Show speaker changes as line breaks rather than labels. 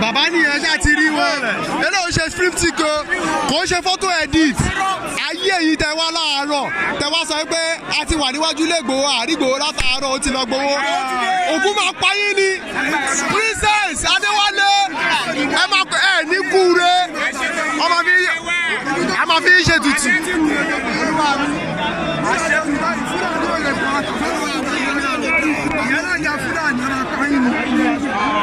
bàbá nìyẹn ṣáà ti rí wọn eléyìí ṣe fífítì kan kò ṣe fọ́tò edit ayé èyí tẹ wá láàárọ̀ tẹ wá sọ pé a ti wà níwájú lẹ́gbọ̀ọ́ àrígbòó látàárọ̀ ó ti lọ gbowó òkú máa pa ni princess adéwálé ẹ máa pẹ ẹ ní kúure ọmọ fi a. máa fi ṣe tutù.
ìyá